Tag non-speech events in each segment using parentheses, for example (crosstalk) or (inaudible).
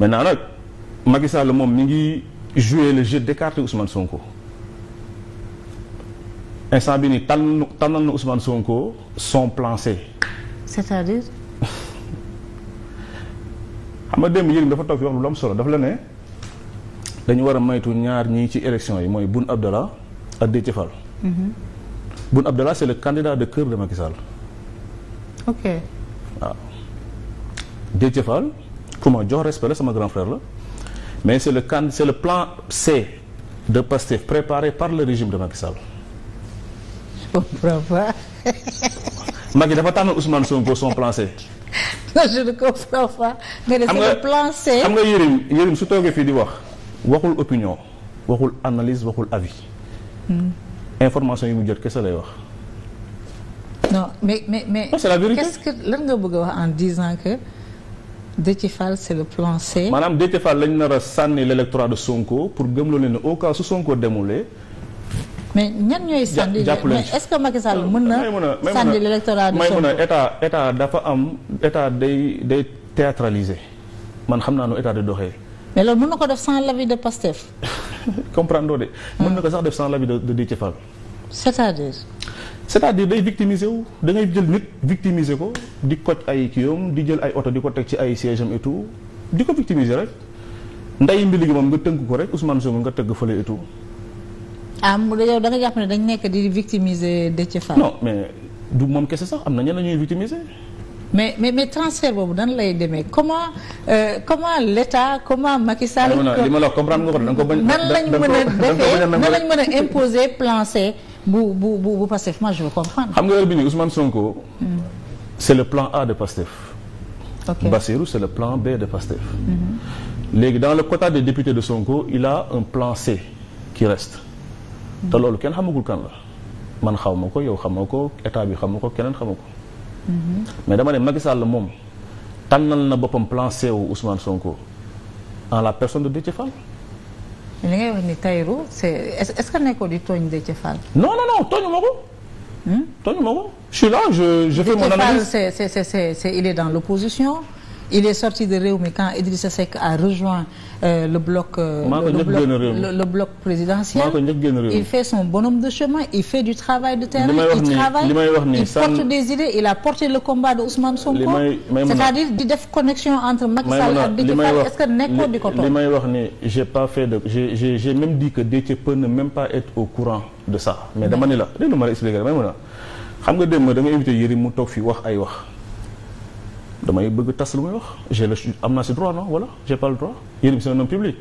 maintenant nag Macky Sall moom mi ngi jouer le jeu d'écarter Ousmane Sonko instant bi nii tànn tànnal na usman Sonko son plancé C. xam nga démb yëngu dafa toog fi wax lu am solo dafa la ne dañu war a moytu ñaar ñii ci élection yi mooy Boun Abdallah ak Déthié Fall. Mm-hmm. Boun Abdallah c'est le candidat de cœur de Macky ok waaw Déthié pour ma jox respect la sama grand frère la mais c'est le can c'est le plan C de Pastef préparé par le régime de Macky Sall. comprends pas. Macky dafa tànn Ousmane Sonko son plan C. non je ne comprends pas. mais c'est le plan C. xam nga Yérim Yérim su toogee fii di wax waxul opinion waxul analyse waxul avis. Hmm. information yi mu jot kese wax. non mais mais c'est la vérité lan nga bëgg wax en disant que. Déthié Fall c'est le plan C. maanaam Déthié Fall lañ nar a sànni l'électorat de Sonko pour gëmloo leen ne au cas su Sonko demulee. mais ñan ñooy sànni mais est-ce que Macky Sall mën na sànni l'électorat de Sonko may mën a état dafa am état day day théâtralisé man xam naa nu état de doxee. mais loolu mën na ko def sans l'avis de Pastef. (laughs) comprendre de. mën na ko sax def sans l'avis de de Déthié Fall. c'est-à-dire. c'est-à-dire day victimiser wu da ngay jël nit victimiser ko. di koj ay kiiwam di jël ay oto di ko teg ci ay siège am di ko victimiser rek nday mbi gi moom nga tënk ko rek Ousmane Sonko nga tëgg fële et tout. ah mu yow da nga jàpp ne dañ nekk di victimiser Déthié Fall. non mais du moom kese sax am na ñeneen ñuy victimiser. mais mais mais transfert boobu nan lay demee comment euh, comment l'État comment Macky Sall. Ah, li ma la comprendre nga ko da nga ko bañ. nan lañ mën a defee nan mën a imposer plan C bu bu bu bu Pastef moi je veux comprendre. xam nga heure bi c'est le plan A de PASTEF. ok Bassirou c'est le plan B de PASTEF. léegi dans le quota des députés de Sonko il a un plan C qui reste. te loolu kenn xamagul kan la man xaw ma ko yow xamoo ko état bi xamoo ko keneen xamoo ko. mais dama ne Macky Sall moom tànnal na boppam plan C wu Ousmane Sonko en la personne de Déthié Fall. li ngay wax ni Tahirou c'est est-ce que di tooñ Déthié Fall. non non non tooñu ma ko. tooñu ma ko je suis là je je fais mon analyse c'est c'est c'est c'est il est dans l'opposition il est sorti de Rewmi quand Idrissa Seck a rejoint euh, le bloc euh, le, le, bloc, le, le bloc présidentiel il fait son bonhomme de chemin il fait du travail de terrain il travaille il porte des il a porté le combat de Ousmane Sonko c'est-à-dire di def connexion entre Macky Sall ak Déthié Fall est-ce que nekkoo wax ni j'ai pas fait de j'ai j'ai même dit que Déthié courant de ça mais dama ni la déglu ma la expliqué damay mën a xam nga démb da nga mu toog fii wax ay wax damay bëgg tas lu muy wax j'ai le am naa si droit non voilà j'ai pas le droit yéen bi c'est un homme public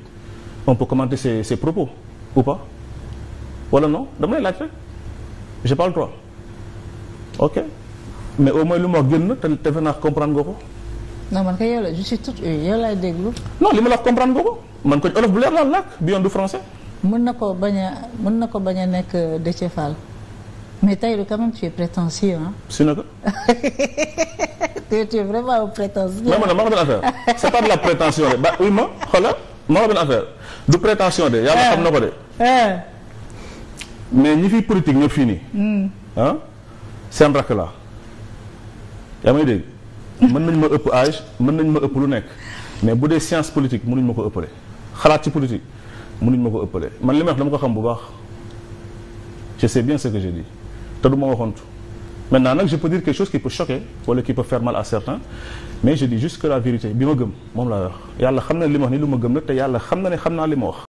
on peut commenter ses ses propos ou pas wala non dama lay laaj rek j'ai pas droit ok mais ma wax euh, ma olof bu laa làkk bi du français. mën na ko bañ a mën na ko bañ a nekk euh, Déthié Fall mais Tahirou quand même tu es si na (laughs) te es vraiment prétentieux. mais man ma wax benn affaire c'est pas de la prétention de ba uy ma xoolal ma wax benn affaire du prétention de. yàlla xam na ko de. Ah. Ah. mais ñi fi politique ñëpp fii nii. Hmm. ah seen rakk la yaa may dégg. mën nañ ma ëpp âge mën nañ ma ëpp lu nekk mais bu dee science politique mënuñ ma ko ëppale xalaat ci politique mënuñ ma ko ëppale man li ma wax dama ko xam bu baax je sais bien ce que je dis te du ma waxoontu. maintenant nag je peux dire quelque chose qui peut choquer wala qui peut faire à certains mais je la vérité bi ma gëm moom laa wax yàlla xam na li ma wax ni lu ma la te yàlla xam na ne xam naa li ma wax